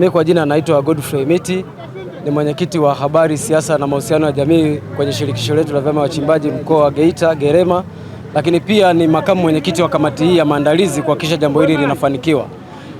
Mimi kwa jina naitwa Godfrey Miti, ni mwenyekiti wa habari, siasa na mahusiano ya jamii kwenye shirikisho letu la vyama wachimbaji mkoa wa Geita Gerema, lakini pia ni makamu mwenyekiti wa kamati hii ya maandalizi kuhakikisha jambo hili linafanikiwa.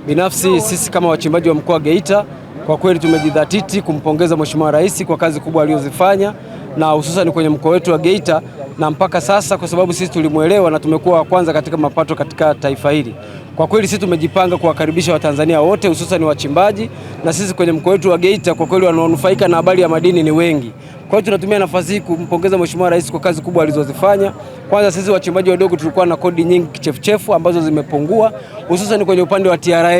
Binafsi sisi kama wachimbaji wa mkoa wa Geita kwa kweli tumejidhatiti kumpongeza Mheshimiwa Rais kwa kazi kubwa aliyozifanya na hususan kwenye mkoa wetu wa Geita, na mpaka sasa kwa sababu sisi tulimwelewa na tumekuwa wa kwanza katika mapato katika taifa hili. Kwa kweli sisi tumejipanga kuwakaribisha Watanzania wote hususan wachimbaji, na sisi kwenye mkoa wetu wa Geita kwa kweli wanaonufaika na habari ya madini ni wengi. Kwa hiyo tunatumia nafasi hii kumpongeza Mheshimiwa Rais kwa kazi kubwa alizozifanya. Kwanza sisi wachimbaji wadogo tulikuwa na kodi nyingi kichefuchefu ambazo zimepungua, hususan kwenye upande wa TRA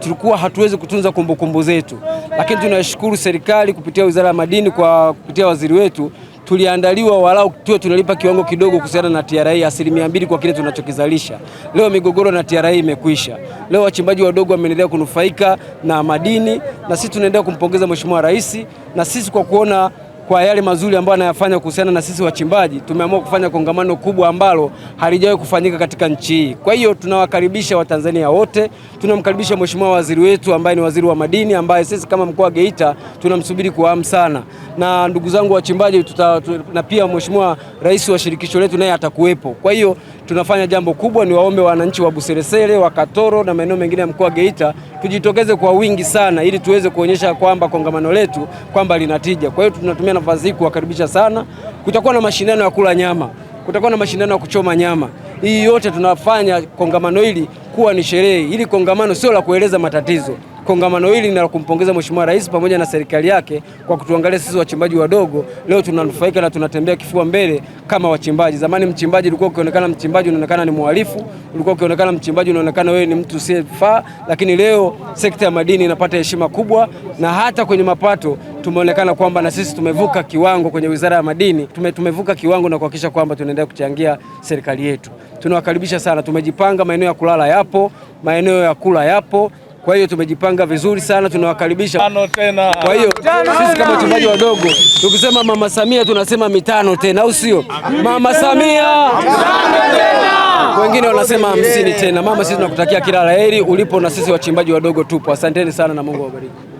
tulikuwa hatuwezi kutunza kumbukumbu kumbu zetu. Lakini tunashukuru serikali kupitia wizara ya madini kwa kupitia waziri wetu tuliandaliwa walau tuwe tunalipa kiwango kidogo kuhusiana na TRA asilimia mbili kwa kile tunachokizalisha. Leo migogoro na TRA imekwisha. Leo wachimbaji wadogo wameendelea kunufaika na madini, na sisi tunaendelea kumpongeza Mheshimiwa Rais na sisi kwa kuona kwa yale mazuri ambayo anayafanya kuhusiana na sisi wachimbaji, tumeamua kufanya kongamano kubwa ambalo halijawahi kufanyika katika nchi hii. Kwa hiyo tunawakaribisha Watanzania wote, tunamkaribisha mheshimiwa waziri wetu ambaye ni waziri wa madini, ambaye sisi kama mkoa wa Geita tunamsubiri kwa hamu sana, na ndugu zangu wachimbaji tuta, tuta, na pia mheshimiwa rais wa shirikisho letu naye atakuwepo. Kwa hiyo tunafanya jambo kubwa. Ni waombe wananchi wa Buseresere, wa Katoro na maeneo mengine ya mkoa wa Geita tujitokeze kwa wingi sana, ili tuweze kuonyesha kwamba kongamano letu kwamba linatija. Kwa hiyo tunatumia nafasi hii kuwakaribisha sana. Kutakuwa na mashindano ya kula nyama, kutakuwa na mashindano ya kuchoma nyama. Hii yote tunafanya kongamano hili kuwa ni sherehe, ili kongamano sio la kueleza matatizo kongamano hili na kumpongeza Mheshimiwa Rais pamoja na serikali yake kwa kutuangalia sisi wachimbaji wadogo. Leo tunanufaika na tunatembea kifua mbele kama wachimbaji. Zamani mchimbaji ulikuwa ukionekana mchimbaji unaonekana ni mhalifu, ulikuwa ukionekana mchimbaji unaonekana wewe ni mtu usiyefaa, lakini leo sekta ya madini inapata heshima kubwa na hata kwenye mapato tumeonekana kwamba na sisi tumevuka kiwango kwenye Wizara ya Madini tume, tumevuka kiwango na kuhakikisha kwamba tunaendelea kuchangia serikali yetu. Tunawakaribisha sana, tumejipanga. Maeneo ya kulala yapo, maeneo ya kula yapo. Kwa hiyo tumejipanga vizuri sana, tunawakaribisha. Kwa hiyo sisi kama wachezaji wadogo tukisema mama Samia tunasema mitano tena, au sio? Mama Samia wengine wanasema hamsini tena. Mama, sisi tunakutakia kila la heri ulipo, na sisi wachimbaji wadogo tupo. Asanteni sana na Mungu awabariki.